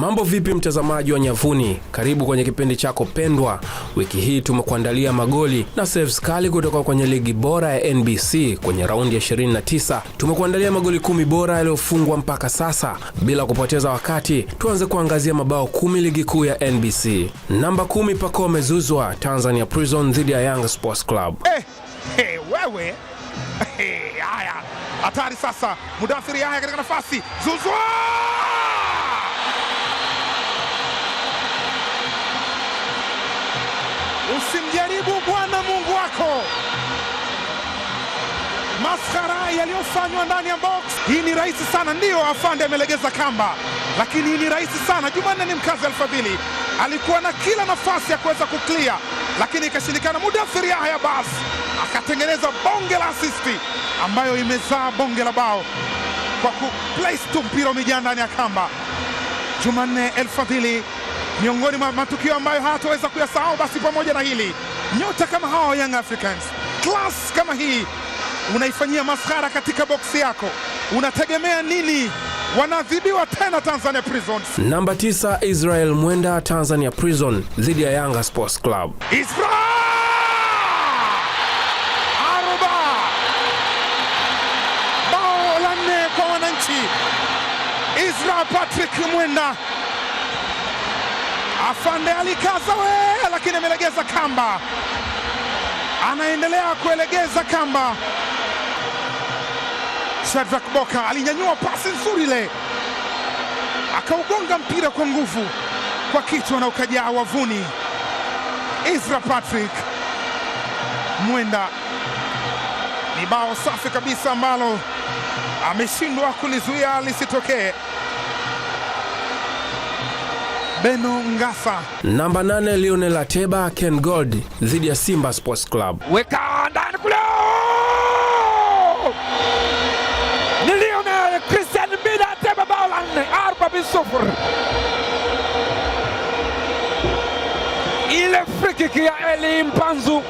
Mambo vipi, mtazamaji wa Nyavuni? Karibu kwenye kipindi chako pendwa. Wiki hii tumekuandalia magoli na saves kali kutoka kwenye ligi bora ya NBC kwenye raundi ya 29. Tumekuandalia magoli kumi bora yaliyofungwa mpaka sasa. Bila kupoteza wakati, tuanze kuangazia mabao kumi ligi kuu ya NBC. Namba kumi, Pacome amezuzwa Tanzania Prison dhidi ya Young Sports Club. Hey, eh, eh, hey, wewe eh, haya hey, hatari sasa. Mudafiri yaya katika nafasi zuzwa Usimjaribu Bwana Mungu wako. Maskhara yaliyofanywa ndani ya box hii ni rahisi sana. Ndiyo, afande amelegeza kamba, lakini hii ni rahisi sana. Jumanne ni mkazi Alfadhili alikuwa na kila nafasi ya kuweza kuklia, lakini ikashindikana. firiaha Yahya bas akatengeneza bonge la asisti ambayo imezaa bonge la bao kwa kuplace tu mpira umejaa ndani ya kamba. Jumanne Elfadhili miongoni mwa matukio ambayo hataweza kuyasahau. Basi pamoja na hili, nyota kama hawa Young Africans, class kama hii unaifanyia maskhara katika boksi yako, unategemea nini? Wanadhibiwa tena Tanzania Prisons. Namba tisa, Israel Mwenda, Tanzania Prison dhidi ya Yanga Sports Club. Israel! Bao la nne kwa wananchi. Israel Patrick Mwenda Afande alikaza we, lakini amelegeza kamba, anaendelea kuelegeza kamba. Shadrack Boka alinyanyua pasi nzuri ile, akaugonga mpira kwa nguvu kwa kichwa na ukajaa wavuni. Ezra Patrick mwenda ni bao safi kabisa ambalo ameshindwa kulizuia lisitokee. Beno Ngafa. Namba nane Lionel Ateba Ken Gold dhidi ya Simba Sports Club. Weka ndani kule. Ni Lionel Christian mbida Ateba Baulan 4-0. Ile free kick ya Eli Mpanzu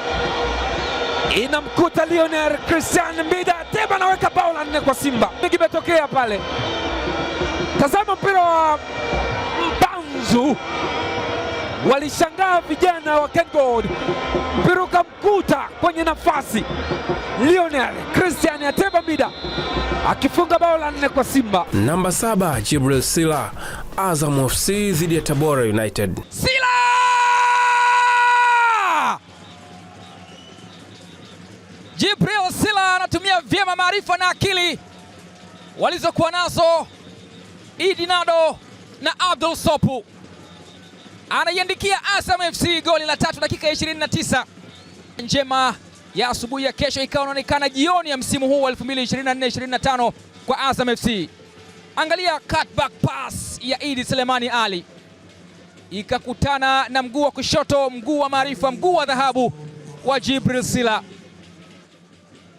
inamkuta Lionel Christian Mbida Ateba anaweka bao la nne kwa Simba. Kimetokea pale. Tazama mpira wa Zuzu walishangaa vijana wa KenGold piruka mkuta kwenye nafasi. Lionel Christian Ateba Mida akifunga bao la nne kwa Simba. Namba saba Jibril Sila, Azam FC dhidi ya Tabora United. Sila! Jibril Sila anatumia vyema maarifa na akili walizokuwa nazo Idinado na Abdul Sopu anaiandikia Azam FC goli la tatu dakika ya 29. Njema ya asubuhi ya kesho ikawa inaonekana jioni ya msimu huu wa 2024-2025 kwa Azam FC. Angalia cutback pass ya Idi Selemani Ali ikakutana na mguu wa kushoto, mguu wa maarifa, mguu wa dhahabu wa Jibril Sila.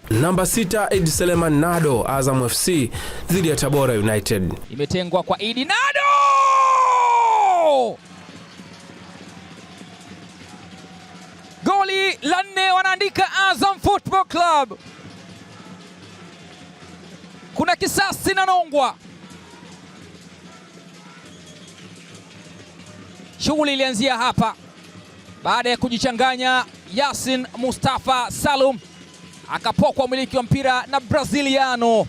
Namba sita Idi Seleman Nado, Azam FC dhidi ya Tabora United, imetengwa kwa Idi Nado Wameandika Azam Football Club. Kuna kisasi na nongwa. Shughuli ilianzia hapa baada ya kujichanganya Yasin Mustafa Salum akapokwa umiliki wa mpira na Braziliano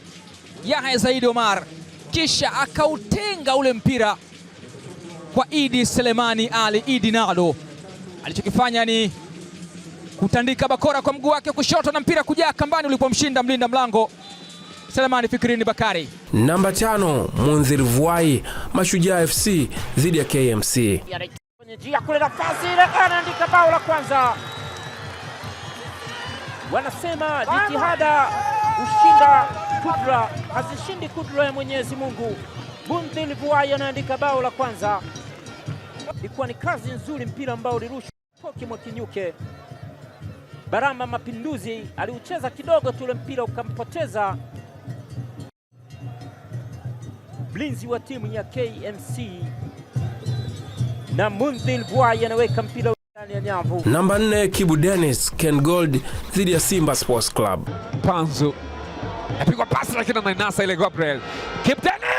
Yahya Zaidi Omar, kisha akautenga ule mpira kwa Idi Selemani Ali Idi Nado. Alichokifanya ni kutandika bakora kwa mguu wake kushoto na mpira kujaa kambani ulipomshinda mlinda mlango Selemani Fikirini Bakari. Namba tano, Munziri Vuai, Mashujaa FC dhidi ya KMC. Kwenye njia kule, nafasi ile, anaandika bao la kwanza. Wanasema jitihada hushinda kudra, hazishindi kudra ya Mwenyezi Mungu. Munziri Vuai anaandika bao la kwanza, ilikuwa ni kazi nzuri, mpira ambao ulirushwa poke mwa kinyuke Barama Mapinduzi aliucheza kidogo tu ule mpira ukampoteza mlinzi wa timu ya KMC na Mundhil Bwai anaweka mpira ndani ya nyavu. Namba 4 Kibu Dennis Ken Gold dhidi ya Simba Sports Club. Panzu apigwa pasi lakini anainasa ile Gabriel. Kibu Dennis!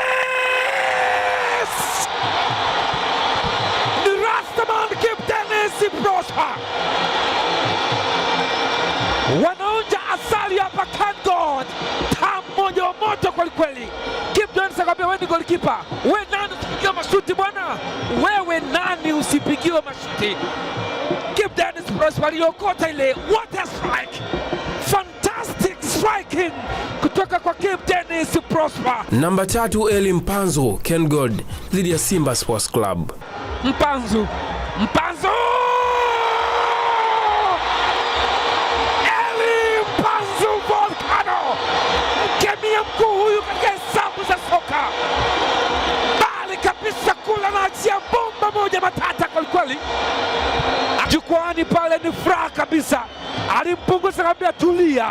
Ni Rastaman Kibu Dennis Brosha! wanaonja asali hapa CanGold, tam mmoja wa moto kwelikweli. Kip Jones akamwambia wewe ni golikipa, we nani usipigiwe mashuti bwana, wewe nani usipigiwe mashuti. Kip Dennis waliokota ile, what a strike, fantastic striking kutoka kwa Kip Dennis Prosper. Namba tatu Eli Mpanzu, CanGold dhidi ya Simba Sports Club. Mpanzu, Mpanzu aliye mkuu huyu katika hesabu za soka, bali kabisa kula na achia bomba moja matata kwelikweli jukwani pale, ni furaha kabisa, alimpunguza kambia, tulia,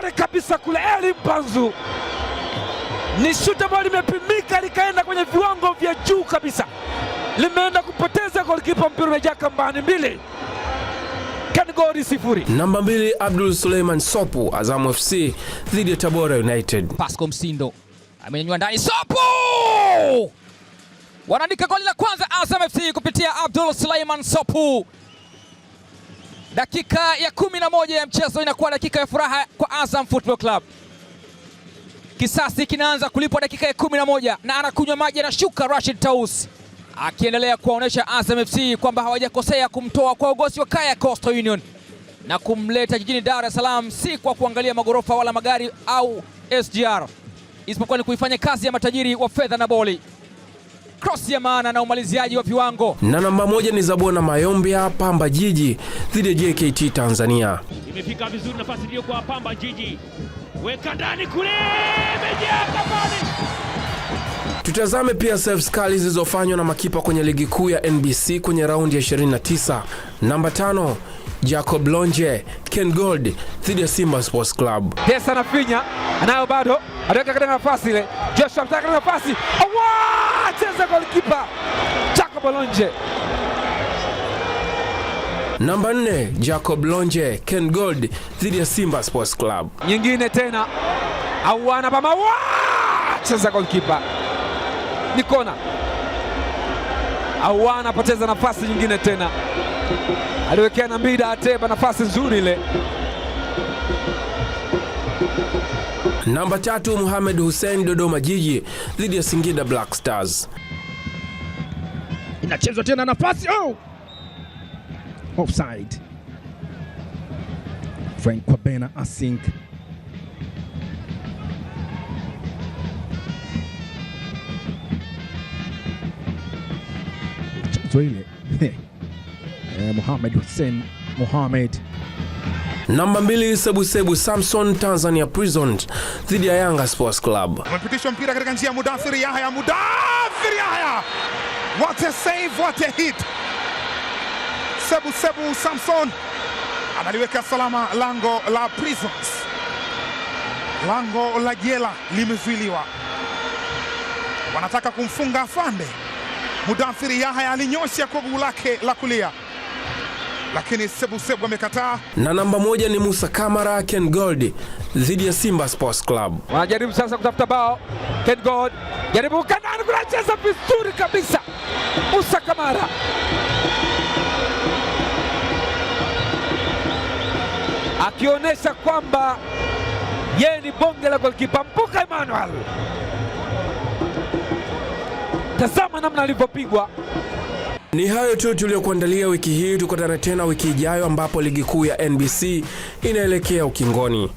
bali kabisa kule Eli Mpanzu ni shuti ambayo limepimika likaenda kwenye viwango vya juu kabisa, limeenda kupoteza golikipa, mpira umejaa kambani mbili. Kan goli sifuri. Namba mbili Abdul Suleiman Sopu Azam FC dhidi ya Tabora United. Pasco Msindo amenyanyua ndani Sopu. Wanaandika goli la kwanza Azam FC kupitia Abdul Suleiman Sopu. Dakika ya kumi na moja ya mchezo inakuwa dakika ya furaha kwa Azam Football Club. Kisasi kinaanza kulipwa dakika ya kumi na moja na anakunywa maji, anashuka Rashid Taus akiendelea kuwaonyesha Azam FC kwamba hawajakosea kumtoa kwa ugosi wa Kaya Coastal Union na kumleta jijini Dar es Salaam, si kwa kuangalia magorofa wala magari au SGR, isipokuwa ni kuifanya kazi ya matajiri wa fedha na boli cross ya maana na umaliziaji wa viwango. Na namba moja ni Zabona Mayombe ya Pamba Jiji dhidi ya JKT Tanzania. Imefika vizuri nafasi iliyo kwa Pamba Jiji, weka ndani kule, imejaa kapani Tutazame pia saves kali zilizofanywa na makipa kwenye ligi kuu ya NBC kwenye raundi ya 29. Namba tano, Jacob Lonje, Ken Gold dhidi ya Simba Sports Club. Pesa na finya anayo bado, ataweka katika nafasi ile. Joshua mtaka katika nafasi, cheza golkipa Jacob Lonje. Namba nne, Jacob Lonje, Ken Gold dhidi ya Simba Sports Club. Nyingine tena, au pamawa cheza golkipa ni kona. Ahoua anapoteza nafasi nyingine tena, aliwekea na Mbida Ateba nafasi nzuri ile. Namba tatu Mohamed Hussein Dodoma Jiji dhidi ya Singida Black Stars. Inachezwa tena nafasi oh! Offside. Frank Kwabena Asink Swahili eh, Muhamed Hussein Muhamed. Namba mbili Sebusebu Samson Tanzania prison dhidi ya Yanga Sports Club. Amepitishwa mpira katika njia ya Mudathiri Yahya. Mudathiri Yahya, what a save, what a hit! Sebusebu Samson analiweka salama lango la Prisons. Lango la jela limezuiliwa, wanataka kumfunga afande. Mudathiri Yahya alinyosha kwa guu lake la kulia lakini Sebu Sebu amekataa. Na namba moja ni Musa Kamara Ken Gold dhidi ya Simba Sports Club. Wanajaribu sasa kutafuta bao. Ken Gold jaribu kanani, kunacheza vizuri kabisa Musa Kamara akionyesha kwamba yeye ni bonge la goalkeeper Mpuka Emmanuel Tazama namna alivyopigwa. Ni hayo tu tuliyokuandalia wiki hii. Tukutane tena wiki ijayo ambapo ligi kuu ya NBC inaelekea ukingoni.